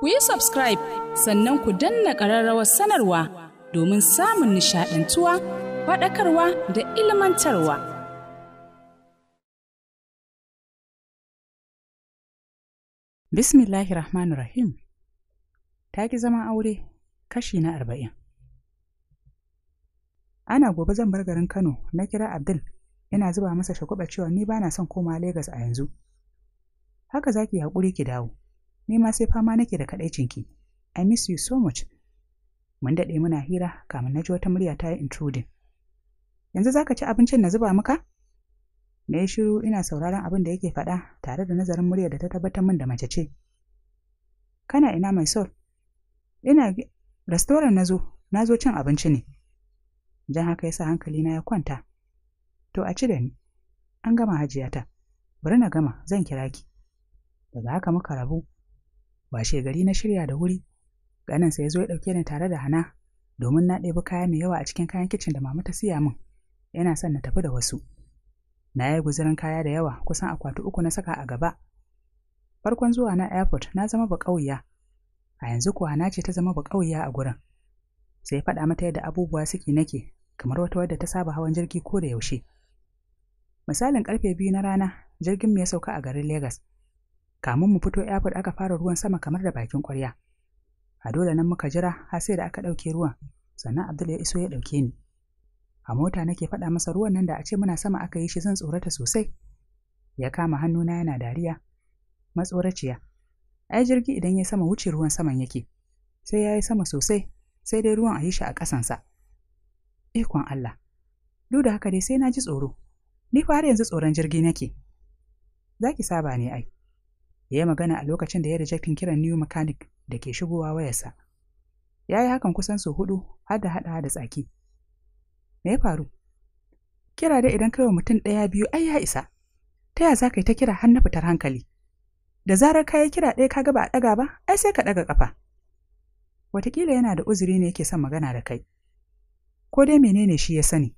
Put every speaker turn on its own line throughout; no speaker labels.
ku yi subscribe sannan ku danna ƙararrawar sanarwa domin samun nishaɗantuwa faɗakarwa da ilmantarwa. Bismillahir Rahmanir Rahim Ta ki zama aure kashi na arba'in. Ana gobe zan bar garin Kano na kira Abdul ina zuba masa shakuɓa cewa ni bana son komawa Legas a yanzu. Haka za ki haƙuri ki dawo. ni ma sai fama nake da kaɗaicinki. i miss you so much mun daɗe muna hira Kamar na ji wata murya ta yi intruding yanzu za ka ci abincin na zuba maka na yi shiru ina sauraron abin da yake faɗa tare da nazarin murya da ta tabbatar min da mace ce kana ina mai sol ina restoran na zo na cin abinci ne jan haka ya sa na ya kwanta to a ci da ni an gama hajiyata bari na gama zan kira ki daga haka muka rabu Washe, gari na shirya da wuri ganin sai ya zo ya ɗauke ni tare da hana domin na ɗebi kaya mai yawa a cikin kayan kicin da mama ta siya min yana son na tafi da wasu na yi guzurin kaya da yawa kusan akwati uku na saka a gaba farkon zuwa na airport na zama ba ƙauya a yanzu kuwa na ce ta zama ba ƙauya a gurin sai faɗa mata yadda abubuwa suke nake kamar wata wadda ta saba hawan jirgi ko da yaushe misalin karfe biyu na rana jirgin mu ya sauka a garin Legas. kamun mu fito airport aka fara ruwan sama kamar da bakin ƙwarya a dole nan muka jira har sai da aka ɗauke ruwan sannan abdul ya iso ya ɗauke ni a mota nake faɗa masa ruwan nan da a ce muna sama aka yi shi zan tsorata sosai ya kama hannuna yana dariya matsoraciya ai jirgi idan ya sama wuce ruwan saman yake sai ya yi sama sosai sai dai ruwan a yi shi a ƙasansa ikon Allah duk da haka dai sai na ji tsoro ni fa har yanzu tsoron jirgi nake za ki saba ne ai ya yi magana a lokacin da ya rejectin kiran new mechanic da ke shigowa wayarsa ya yi hakan kusan su hudu har da haɗa da tsaki me ya faru kira da idan kai wa mutum ɗaya biyu ai ya isa ta ya za ka yi ta kira har na fitar hankali da zarar ka yi kira ɗaya ka ga ba a ɗaga ba ai sai ka ɗaga ƙafa wataƙila yana da uzuri ne yake son magana da kai ko dai menene shi ya sani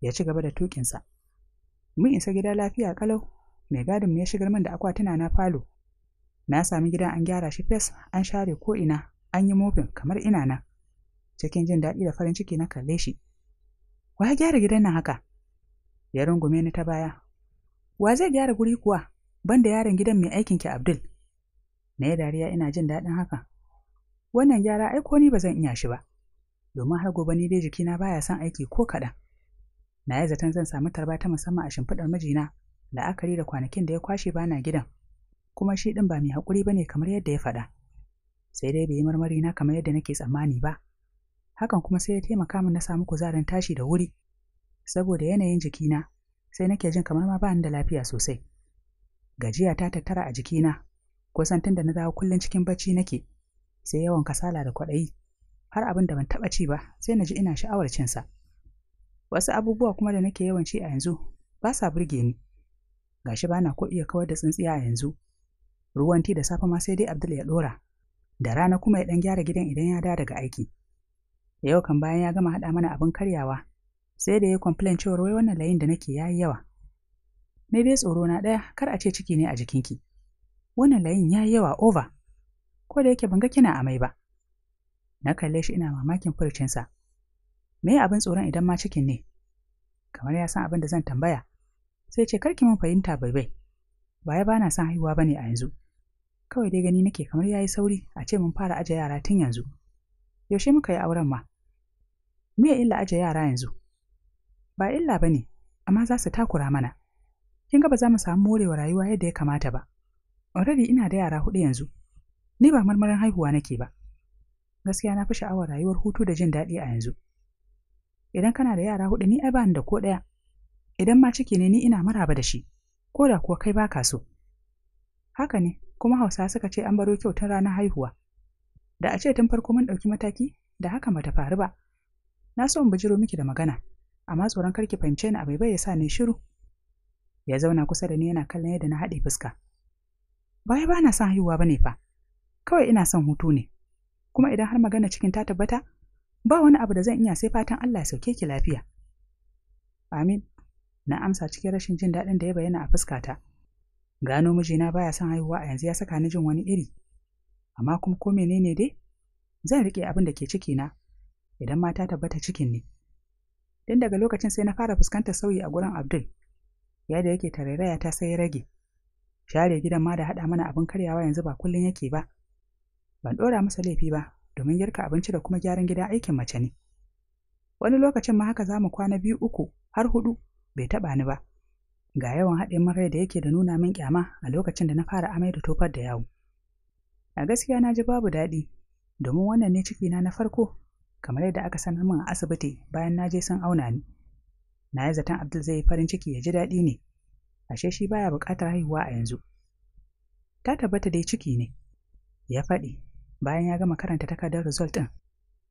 ya ci gaba da tuƙinsa mun isa gida lafiya ƙalau mai gadin ya shigar min da akwatuna na falo na sami gidan an gyara shi fes an share ko ina an yi mofin kamar ina na cikin jin daɗi da farin ciki na kalle shi wa gyara gidan nan haka ya rungume ni ta baya wa zai gyara guri kuwa banda yaron gidan mai aikin ki Abdul na dariya ina jin daɗin haka wannan gyara ai ko ni ba zan iya shi ba domin har gobe ni dai jikina baya son aiki ko kaɗan na yi zaton zan samu tarba ta musamman a shimfiɗar mijina la'akari da kwanakin da ya kwashe bana gidan kuma shi ɗin ba mai hakuri ba ne kamar yadda ya faɗa sai dai bai yi marmari na kamar yadda nake tsammani ba hakan kuma sai ya taimaka min na samu kuzarin tashi da wuri saboda yanayin jikina sai nake jin kamar ma ba ni da lafiya sosai gajiya ta tattara a jikina kusan tun da na dawo kullun cikin bacci nake sai yawan kasala da kwaɗayi har abin da ban taɓa ci ba sai na ji ina sha'awar cinsa wasu abubuwa kuma da nake yawan ci a yanzu ba sa burge ni gashi bana ko iya kawar da tsintsiya a yanzu ruwan ti da safe ma sai dai Abdul ya dora da rana kuma ya dan gyara gidan idan ya dawo daga aiki yau kan bayan ya gama haɗa mana abin karyawa sai da ya complain cewa wai wannan layin da nake yayi yawa me dai tsoro na daya kar a ce ciki ne a jikinki wannan layin yayi yawa over ko da yake ban ga kina amai ba na kalle shi ina mamakin sa me abin tsoron idan ma cikin ne kamar ya san abin da zan tambaya sai ce karki mun fahimta bai bai ba ya bana son haihuwa bane a yanzu kawai dai gani nake kamar yayi sauri a ce mun fara aje yara tun yanzu yaushe muka yi auren ma me illa aje yara yanzu ba illa bane amma za su takura mana kin ga ba za mu samu morewa rayuwa yadda ya kamata ba already ina da yara hudu yanzu ni ba marmarin haihuwa nake ba gaskiya na fi sha'awar rayuwar hutu da jin daɗi a yanzu idan kana da yara hudu ni ai ba ni da ko ɗaya idan ma ciki ne ni ina maraba da shi ko da kuwa kai baka so haka ne kuma hausa suka ce an baro kyautar ranar haihuwa da a ce tun farko mun ɗauki mataki da haka bata faru ba na so in bijiro miki da magana amma tsoron kar ki fahimce ni abai bai ya sa ni shiru ya zauna kusa da ni yana kallon yadda na haɗe fuska baya ba na son haihuwa ba ne fa kawai ina son hutu ne kuma idan har magana cikin ta tabbata ba wani abu da zan iya sai fatan Allah ya sauke ki lafiya amin na amsa cikin rashin jin daɗin da ya bayyana a fuskata gano mijina baya son haihuwa a yanzu ya saka ni jin wani iri amma kuma ko menene dai zan riƙe abin da ke na, idan mata tabbata cikin ne Tun daga lokacin sai na fara fuskantar sauyi a gurin abdul ya da yake tarairaya ta sai rage share gidan ma da haɗa mana abin karyawa yanzu ba kullum yake ba ban ɗora masa laifi ba domin girka abinci da kuma gyaran gida aikin mace ne wani lokacin ma haka za mu kwana biyu uku har huɗu. bai taɓa ni ba ga yawan haɗe rai da yake da nuna min kyama a lokacin da na fara amai da tofar da yawo a gaskiya na ji babu daɗi domin wannan ne ciki na na farko kamar yadda aka sanar min a asibiti bayan na je san auna ni na yi zaton abdul zai yi farin ciki ya ji daɗi ne ashe shi baya buƙatar haihuwa a yanzu ta tabbata dai ciki ne ya faɗi bayan ya gama karanta takardar result ɗin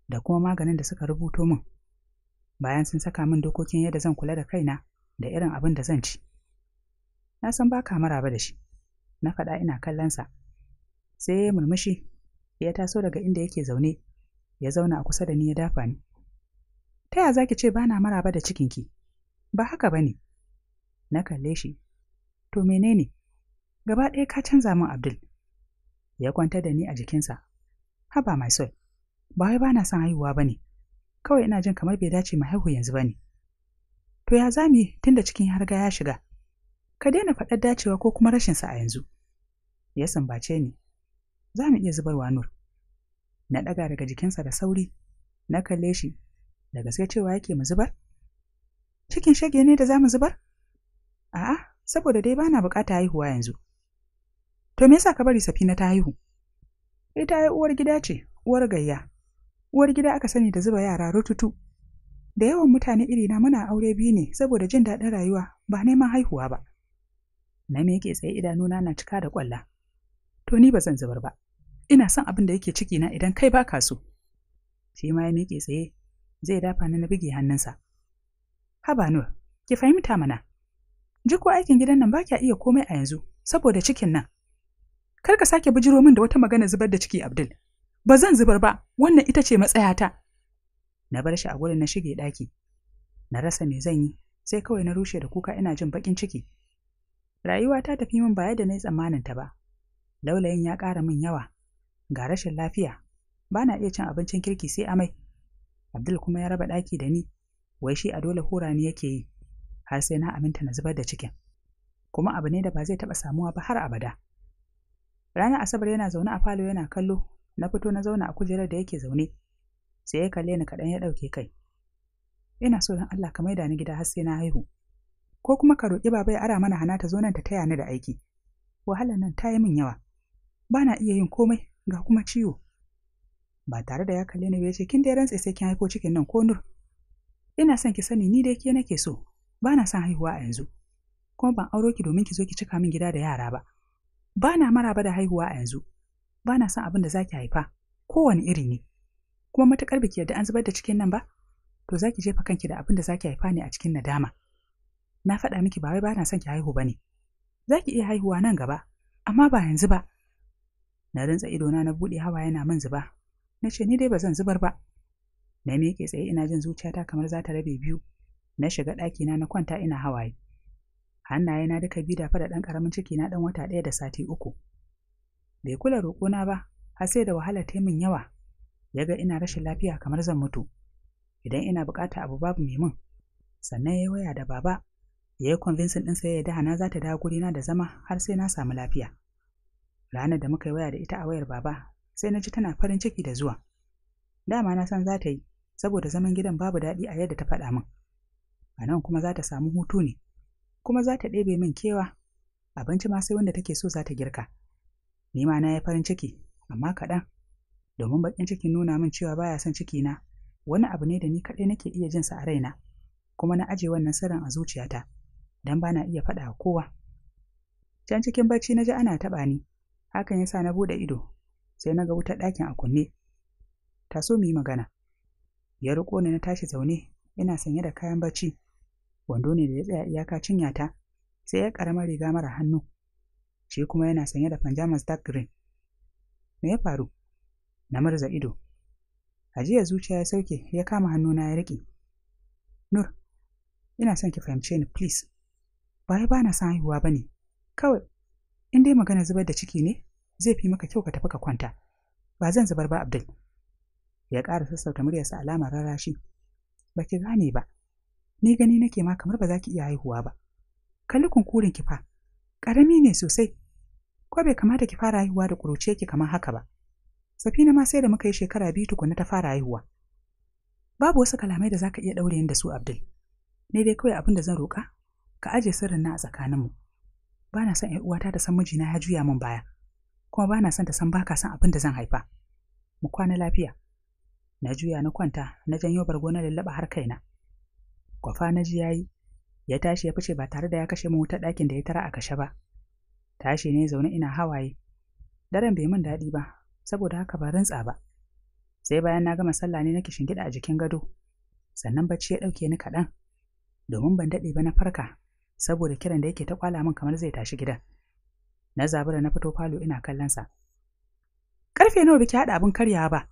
da kuma maganin da suka rubuto min bayan sun saka min dokokin yadda zan kula da kaina da irin abin da zan ci na san ba ka maraba da shi na faɗa ina kallonsa sai ya murmushi ya taso daga inda yake zaune ya zauna a kusa da ni ya dafa ni ta ya zaki ce ba na maraba da cikinki ba haka ba ne na kalle shi to menene gaba ɗaya ka canza min abdul ya kwanta da ni a jikinsa haba mai sol ba wai ba na son haihuwa ba ne kawai ina jin kamar bai dace mu haihu yanzu ba ne To ya za mu yi tunda cikin ya riga ya shiga? Ka daina faɗar dacewa ko kuma rashinsa a yanzu. Ya sambace ni. Za mu iya zubarwa Nur. Na ɗaga daga jikinsa da sauri, na kalle shi, da gaske cewa yake mu zubar? Cikin shage ne da za mu zubar? A'a, saboda dai bana bukata haihuwa yanzu. To me yasa ka bari Safina ta haihu? Ita ai uwar gida ce, uwar gayya. Uwar gida aka sani da zuba yara rututu. da yawan mutane irina muna aure biyu ne saboda jin daɗin rayuwa ba neman haihuwa ba na me yake tsaye idanuna na cika da kwalla to ni ba zan zubar ba ina son abin da yake ciki na idan kai baka so shi ma ya miƙe tsaye zai dafa ni na buge hannunsa haba nur ki fahimta mana ji ko aikin gidan nan ba iya komai a yanzu saboda cikin nan kar ka sake bijiro min da wata magana zubar da ciki abdul ba zan zubar ba wannan ita ce matsayata na bar shi a gurin na shige ɗaki na rasa me zan yi sai kawai na rushe da kuka ina jin baƙin ciki rayuwa ta tafi min ba yadda na yi tsammanin ta ba laulayin ya ƙara min yawa ga rashin lafiya ba na iya cin abincin kirki sai amai abdul kuma ya raba ɗaki da ni wai shi a dole hura ni yake yi har sai na aminta na zubar da cikin kuma abu ne da ba zai taɓa samuwa ba har abada ranar asabar yana zaune a falo yana kallo na fito na zauna a kujerar da yake zaune sai ya kalle ni kaɗan ya ɗauke kai ina so don Allah ka maida ni gida har sai na haihu ko kuma ka roƙi baba ya ara mana hana ta zo nan ta taya ni da aiki wahalar nan ta yi min yawa ba na iya yin komai ga kuma ciwo ba tare da ya kalle ni ba ya ce kin dai rantsa sai kin haifo cikin nan ko nur ina son ki sani ni dai ke nake so ba na son haihuwa a yanzu kuma ban auro ki domin ki zo ki cika min gida da yara ba ba na maraba da haihuwa a yanzu ba na son abin da za ki haifa kowane iri ne kuma matukar biki yadda an zubar da cikin nan ba to zaki jefa kanki da abin da zaki haifa ne a cikin nadama na faɗa miki ba wai ba na son ki haihu bane zaki iya haihuwa nan gaba amma ba yanzu ba na rantsa ido na na buɗe hawa yana min zuba na ce ni dai ba zan zubar ba na miƙe tsaye ina jin zuciyata kamar za ta rabe biyu na shiga ɗakina na na kwanta ina hawaye hannaye na duka biyu da fa da ɗan ƙaramin ciki na ɗan wata ɗaya da sati uku bai kula na ba har sai da wahala ta min yawa ya ga ina rashin lafiya kamar zan mutu idan ina bukata abu babu mai mun. sannan ya waya da baba ya yi convincing ɗin sai ya da hana za ta dawo gurina da zama har sai na samu lafiya ranar da muka yi waya da ita a wayar baba sai na ji tana farin ciki da zuwa dama na san za ta yi saboda zaman gidan babu daɗi a yadda ta faɗa min a nan kuma za ta samu hutu ne kuma za ta ɗebe min kewa abinci ma sai wanda take so za ta girka ni ma na yi farin ciki amma kaɗan domin bakin cikin nuna min cewa baya son ciki na wani abu ne da ni kaɗai nake iya jin sa a raina kuma na aje wannan sirrin a zuciyata dan bana iya faɗa wa kowa can cikin bacci na ji ana taɓa ni hakan yasa na buɗe ido sai na ga wutar ɗakin a kunne Ta so mu yi magana ya riƙo ni na tashi zaune ina sanye da kayan bacci wando ne da ya tsaya iyaka cinya ta, sai ya ƙaramar riga mara hannu shi kuma yana sanye da pajamas dark green me ya faru na marza ido ajiya zuciya ya sauke ya kama hannuna ya riƙe nur ina son ki fahimce ni please ba ba na son haihuwa ba ne kawai in dai magana zubar da ciki ne zai fi maka kyau ka tafi ka kwanta ba zan zubar ba abdul ya ƙara sassauta muryarsa alamar rarashi ba ki gane ba ni gani nake ma kamar ba za ki iya haihuwa ba kalli kunkurin ki fa ƙarami ne sosai ko bai kamata ki fara haihuwa da ƙuruce ki kamar haka ba Safina ma sai da muka yi shekara biyu tukuna ta fara haihuwa. Babu wasu kalamai da zaka iya yin da su Abdul. Ne dai kawai abin da zan roƙa ka aje sirrin na a tsakaninmu. Ba na son uwata da san mijina ya juya min baya, kuma ba na son ta san baka son abin da zan haifa. Mu kwana lafiya. Na juya na kwanta na janyo bargo na lallaba har kaina. Kwafa na ji yayi, ya tashi ya fice ba tare da ya kashe mu wutar ɗakin da ya tara a kashe ba. Tashi ne zaune ina hawaye. Daren bai min daɗi ba, saboda haka ba rantsa ba sai bayan na gama sallah ne nake shingida a jikin gado sannan bacci ya dauke ni kaɗan domin ban daɗe ba na farka saboda kiran da yake ta kwala min kamar zai tashi gidan na zabura na fito falo ina kallon sa karfe nawa biki haɗa abin karyawa ba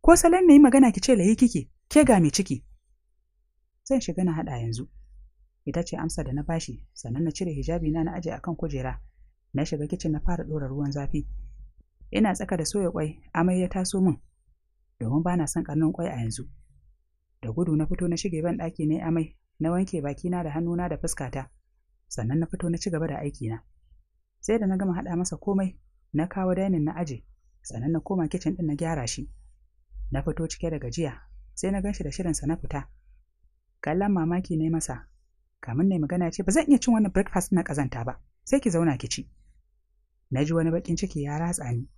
ko salon yi magana ki ce layi kike ke ga mai ciki zan shiga na haɗa yanzu ita ce amsa da na bashi sannan na cire hijabi na na aje akan kujera na shiga kicin na fara ɗora ruwan zafi ina tsaka da soya kwai amai ya taso min domin ba na son karnin kwai a yanzu da gudu na fito na shige ban ɗaki ne amai na wanke bakina da hannuna da fuskata sannan na fito na ci gaba da aikina sai da na gama haɗa masa komai na kawo dainin na aje sannan na koma kicin ɗin na gyara shi na fito cike da gajiya sai na ganshi da shirinsa na fita kallon mamaki ne masa kamin na magana ce ba zan iya cin wannan breakfast na ƙazanta ba sai ki zauna ki ci na ji wani bakin ciki ya ratsa ni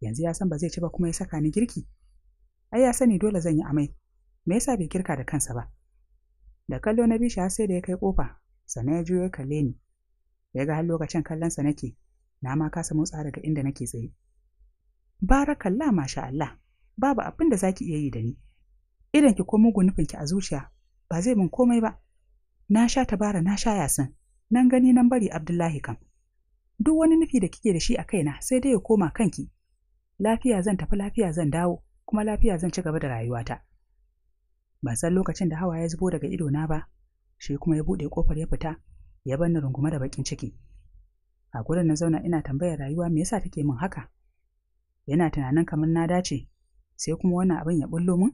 yanzu ya san ba zai ci ba kuma ya saka ni girki ai ya sani dole zan yi amai me yasa bai kirka da kansa ba da kallo na bishi har sai da ya kai kofa sannan ya juyo ya kalle ni ya ga har lokacin kallonsa nake na ma kasa motsa daga inda nake tsaye barakallah masha Allah babu abin da zaki iya yi da ni idan ki ko mugun nufin ki a zuciya ba zai min komai ba na sha tabara na sha yasin nan gani nan bari Abdullahi kam duk wani nufi da kike da shi a kaina sai dai ya koma kanki lafiya zan tafi lafiya zan dawo kuma lafiya zan ci gaba da rayuwata ban san lokacin da hawa ya zubo daga idona ba shi kuma ya buɗe kofar ya fita ya bar ni rungume da bakin ciki a gurin na zauna ina tambayar rayuwa me yasa take min haka yana tunanin kamar na dace sai kuma wannan abin ya bullo min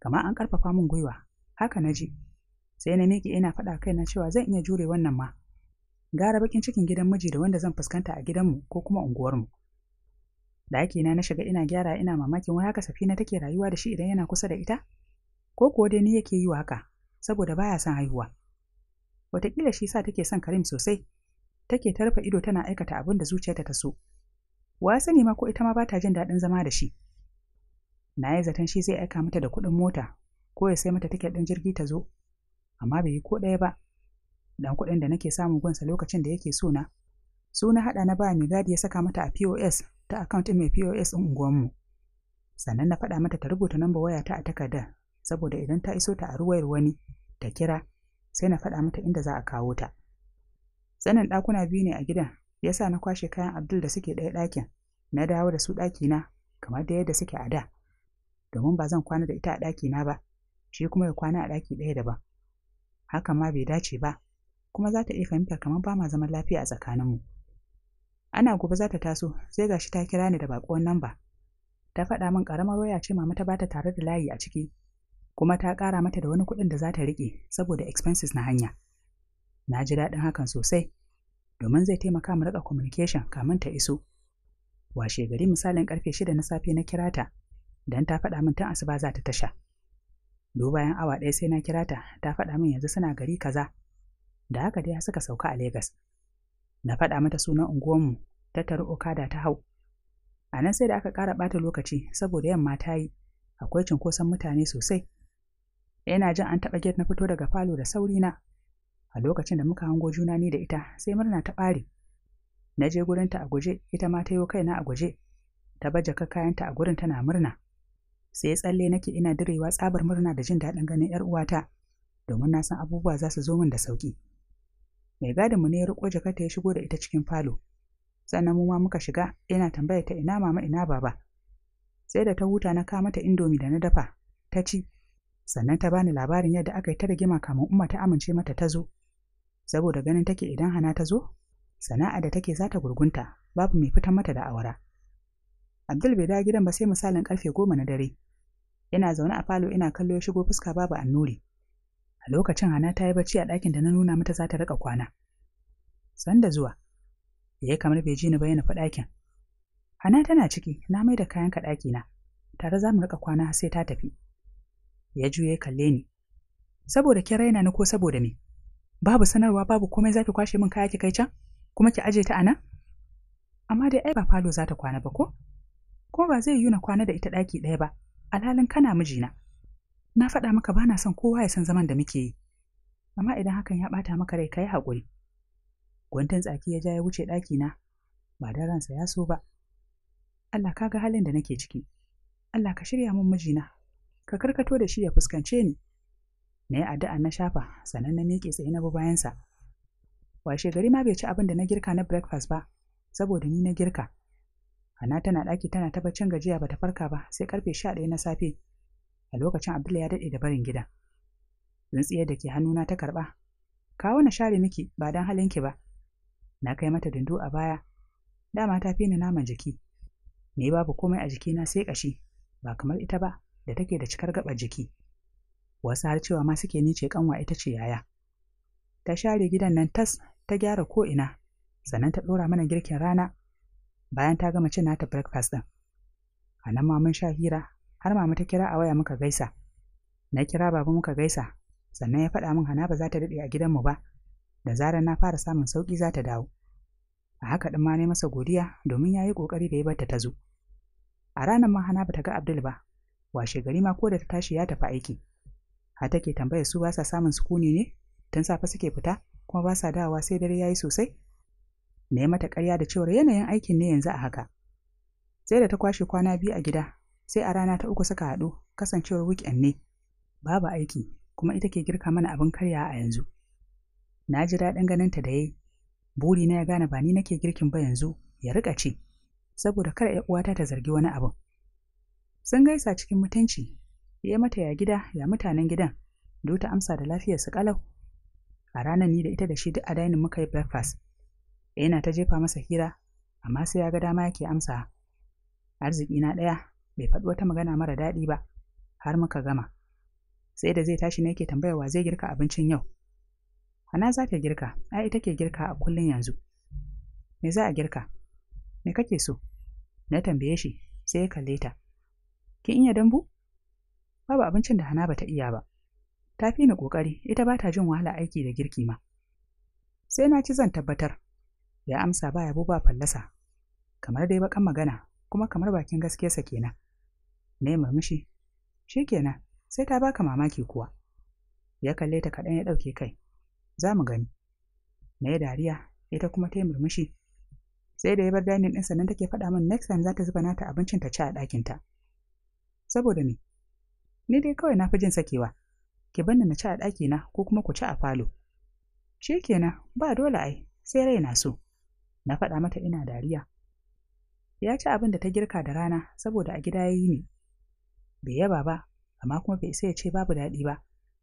kamar an karfafa min gwiwa haka na ji sai na miƙe ina faɗa kaina cewa zan iya jure wannan ma gara bakin cikin gidan miji da wanda zan fuskanta a gidanmu ko kuma unguwarmu da ake na na shiga ina gyara ina mamakin wai haka safina take rayuwa da shi idan yana kusa da ita ko kuwa dai ni yake yi haka saboda baya son haihuwa wataƙila shi sa take son karim sosai take ta rufe ido tana aikata abin da zuciyarta ta so wa sani ma ko ita ma ba ta jin daɗin zama da shi na yi zaton shi zai aika mata da kuɗin mota ko ya sai mata tiket ɗin jirgi ta zo amma bai yi ko ɗaya ba dan kuɗin da nake samu gwansa lokacin da yake so na so na haɗa na ba mai gadi ya saka mata a POS ta account mai POS ɗin unguwanmu sannan na faɗa mata ta rubuta namba waya ta a takarda saboda idan ta iso ta a ruwayar wani ta kira sai na faɗa mata inda za a kawo ta sanin ɗakuna biyu ne a gidan yasa na kwashe kayan Abdul da suke ɗaya ɗakin na dawo da su ɗakina kamar da yadda suke a da domin ba zan kwana da ita a ɗakina ba shi kuma ya kwana a ɗaki ɗaya daban Haka ma bai dace ba kuma za ta iya fahimtar kamar ba ma zaman lafiya a tsakaninmu ana gobe za ta taso sai gashi ta kira ni da baƙon namba ta faɗa min ƙaramar waya ce mama ta bata tare da layi a ciki kuma ta ƙara mata da wani kuɗin da za ta riƙe saboda expenses na hanya na ji daɗin hakan sosai domin zai taimaka mu rika communication kamin ta iso washe gari misalin ƙarfe shida na safe na kira ta don ta faɗa min tun asuba za ta tasha do bayan awa ɗaya sai na kira ta ta faɗa min yanzu suna gari kaza da haka dai suka sauka a Legas. Na faɗa mata sunan unguwanmu, ta tari okada ta hau. A nan sai da aka ƙara ɓata lokaci saboda yamma ta yi, akwai cunkoson mutane sosai. Yana jin an taɓa get na fito daga falo da sauri na. A lokacin da muka hango juna ni da ita sai murna ta ɓare. Na je gurinta a guje, ita ma ta yi kaina a guje. Ta baje kayanta a gurin tana murna. Sai tsalle nake ina direwa tsabar murna da jin daɗin ganin 'yar uwata, domin na san abubuwa za su zo min da sauƙi. mai gadin mu ne ya riko jakarta ya shigo da ita cikin falo sannan mu ma muka shiga yana tambaya ta ina mama ina baba sai da ta huta na ka mata indomi da na dafa ta ci sannan ta bani labarin yadda aka yi ta rigima kamun umma ta amince mata ta zo saboda ganin take idan hana ta zo sana'a da take za ta gurgunta babu mai fitan mata da awara abdul bai dawo gidan ba sai misalin karfe goma na dare yana zaune a falo ina kallo ya shigo fuska babu annuri A lokacin Hana ta yi bacci a ɗakin da na nuna mata za ta riƙa kwana. Sanda zuwa, ya kamar bai ji ni ba ya nufi ɗakin. Hana tana ciki, na mai da kayan ɗaki ɗakina, tare za mu riƙa kwana sai ta tafi. Ya juye kalle ni. Saboda ki raina ni ko saboda me? Babu sanarwa babu komai za ki kwashe min kaya ki kai can? Kuma ki aje ta a nan? Amma dai ai ba falo za ta kwana ba ko? Ko ba zai yi na kwana da ita ɗaki ɗaya ba, alhalin kana mijina. na faɗa maka ba na son kowa ya san zaman da muke yi amma idan hakan ya ɓata maka rai ka yi haƙuri gwantan tsaki ya ja ya wuce ɗakina ba da ransa ya so ba Allah ka ga halin da nake ciki Allah ka shirya min mijina ka karkato da shi ya fuskance ni na yi addu'a na shafa sannan na miƙe tsaye na bi bayansa washe gari ma bai ci abin da na girka na breakfast ba saboda ni na girka Hana tana ɗaki tana ta baccin gajiya ba ta farka ba sai karfe sha ɗaya na safe a lokacin Abdullahi ya daɗe da barin gidan tsintsiyar da ke hannuna ta karɓa kawo na share miki ba don ki ba na kai mata dundu a baya dama ta fi ni naman jiki ni babu komai a jikina sai ƙashi ba kamar ita ba da take da cikar gaɓar jiki wasu har cewa ma suke nice kanwa ita ce yaya ta share gidan nan tas ta gyara ko ina sannan ta ɗora mana girkin rana bayan ta gama cin nata breakfast ɗin Anan nan ma mun sha hira har mama ta kira a waya muka gaisa na kira baba muka gaisa sannan ya faɗa min hana ba za ta daɗe a gidanmu ba da zarar na fara samun sauƙi za ta dawo a haka ɗin ma na masa godiya domin ya yi ƙoƙari da ya barta ta zo a ranar ma hana ba ta ga abdul ba washe gari ma ko da ta tashi ya tafi aiki har take tambayar su ba sa samun sukuni ne tun safe suke fita kuma ba sa dawowa sai dare ya yi sosai na yi mata ƙarya da cewar yanayin aikin ne yanzu a haka sai da ta kwashe kwana biyu a gida sai a rana ta uku suka haɗu kasancewar weekend ne babu aiki kuma ita ke girka mana abin karya a yanzu na ji daɗin ganin ta da yayi buri na ya gane ba ni nake girkin ba yanzu ya rika ce, saboda kar ya uwata ta zargi wani abu. sun gaisa cikin mutunci ya mata ya gida ya mutanen gidan do ta amsa da lafiyar su kalau a ranar ni da ita da shi duk a dainin muka yi breakfast yana ta jefa masa hira amma sai ya ga dama yake amsa arziki na ɗaya bai faɗi wata magana mara daɗi ba har muka gama sai da zai tashi ne ke tambaya wa zai girka abincin yau Hana za ta girka A ita ke girka a kullun yanzu me za a girka me kake so na tambaye shi sai ya kalle ta kin iya dambu babu abincin da hana bata iya ba ta fi ni kokari ita ba ta jin wahala aiki da girki ma sai na ci zan tabbatar ya amsa ba yabo ba fallasa kamar dai bakan magana kuma kamar bakin gaskiyarsa kenan na yi murmushi shi kenan sai ta baka mamaki kuwa ya kalle ta kaɗan ya ɗauke kai za mu gani na yi dariya ita kuma ta yi murmushi sai da ya bar dining ɗinsa sannan take faɗa min next time za ta zuba nata abincin ta ci a ɗakinta saboda me ni dai kawai na fi jin sakewa ki banni na ci a ɗakina ko kuma ku ci a falo shi kenan ba dole ai sai rai na so na faɗa mata ina dariya ya ci abin da ta girka da rana saboda a gida ya yi ne bai yaba ba amma kuma bai isa ya ce babu daɗi ba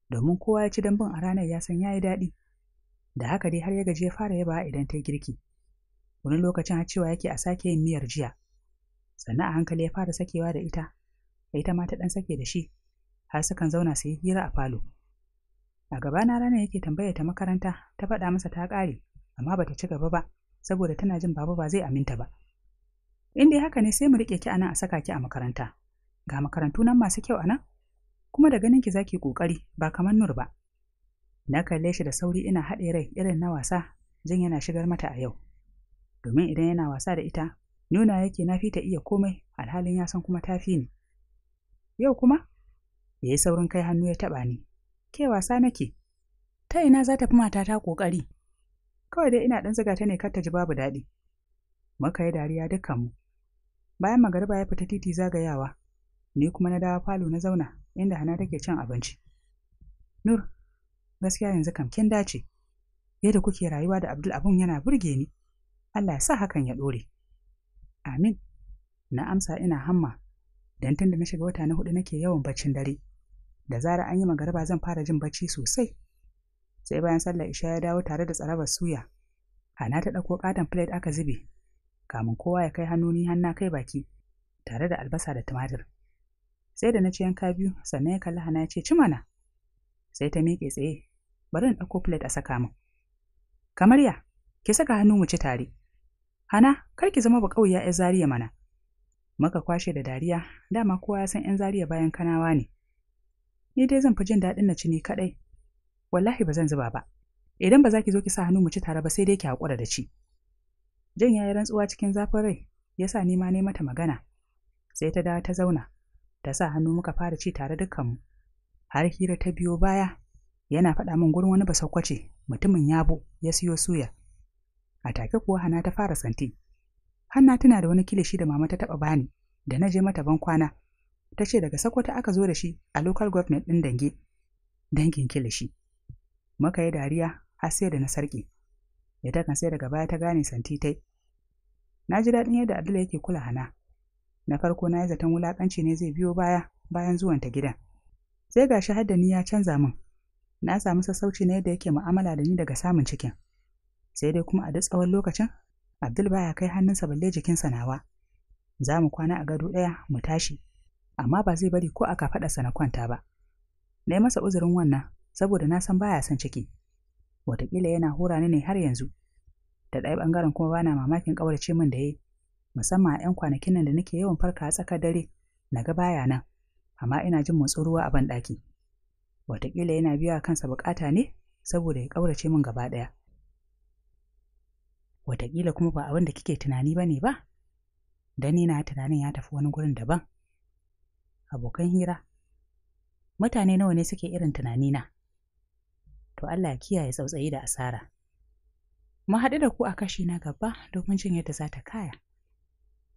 domin kowa ya ci dambun a ranar ya san ya yi daɗi da haka dai har ya gaji ya fara yaba idan ta yi girki wani lokacin har cewa yake a sake yin miyar jiya sannan a hankali ya fara sakewa da ita ita ma ta ɗan sake da shi har sukan zauna su yi hira a falo a gaba na ranar yake tambaya ta makaranta ta faɗa masa ta ƙare amma bata ci gaba ba saboda tana jin babu ba zai aminta ba in dai haka ne sai mu riƙe ki a nan a saka ki a makaranta ga makarantu nan masu kyau anan. kuma da ganin ki zaki kokari ba kamar nur ba na kalle shi da sauri ina haɗe rai irin na wasa jin yana shigar mata a yau domin idan yana wasa da ita nuna yake na fi ta iya komai alhalin ya san kuma tafi ne. ni yau kuma ya yi saurin kai hannu ya taɓa ni ke wasa nake ta ina za ta fi matata kokari kawai dai ina ɗan ziga ta ne kar ta ji babu daɗi muka yi dariya dukkanmu bayan magariba ya fita titi zagayawa ni kuma na dawo falo na zauna inda hana take cin abinci nur gaskiya yanzu kam kin dace yadda kuke rayuwa da abdul abun yana burge ni allah ya sa hakan ya dore. amin na amsa ina hamma dan tunda na shiga wata na hudu nake yawan baccin dare da zara an yi magariba zan fara jin bacci sosai sai bayan sallar isha ya dawo tare da tsarabar suya hana ta dauko katon plate aka zube kamun kowa ya kai hannu ni hanna kai baki tare da albasa da tumatir sai da na ci yanka biyu sannan ya kalli hana ya ce ci mana sai ta miƙe tsaye bari in ɗauko plate a saka min kamar ya ki saka hannu mu ci tare hana kar ki zama ba ya 'yan zariya mana maka kwashe da dariya dama kowa ya san 'yan zariya bayan kanawa ne ni dai zan fi jin daɗin na ci ni kaɗai wallahi ba zan zuba ba idan ba za ki zo ki sa hannu mu ci tare ba sai dai ki haƙura da ci jan ya yi rantsuwa cikin zafin rai ya sa ni ma ne mata magana sai ta dawo ta zauna ta sa hannu muka fara ci tare dukkanmu har hira ta biyo baya yana faɗa min gurin wani basaukwace mutumin yabo ya siyo suya a take kuwa hana ta fara santi hanna tana da wani kilishi da mama ta taɓa bani da na je mata ban kwana ta ce daga sakwata aka zo da shi a local government ɗin dange dangin kilishi muka yi dariya har sai da na sarki ya takan sai daga baya ta gane santi tai na ji daɗin yadda abdullahi yake kula hana na farko na yi zaton wulakanci ne zai biyo baya bayan zuwanta gida sai ga shi ni ya canza min na samu sassauci na yadda yake mu'amala da ni daga samun cikin sai dai kuma a duk tsawon lokacin abdul baya kai hannunsa balle jikinsa nawa za mu kwana a gado ɗaya mu tashi amma ba zai bari ko a kafaɗarsa na kwanta ba na yi masa uzurin wannan saboda na san baya son ciki wataƙila yana hora ni ne har yanzu da ɗaya ɓangaren kuma bana mamakin ƙaurace min da yi musamman a 'yan kwanakin nan da nake yawan farka a tsakar dare na ga baya nan amma ina jin motsin ruwa a banɗaki wataƙila yana biya kansa buƙata ne saboda ya ƙaurace min gaba ɗaya wataƙila kuma ba abin da kike tunani ba ne ba don ni tunanin ya tafi wani gurin daban abokan hira mutane nawa ne suke irin tunanina to Allah ya kiyaye tsautsayi da asara mu haɗu da ku a kashi na gaba domin jin yadda za ta kaya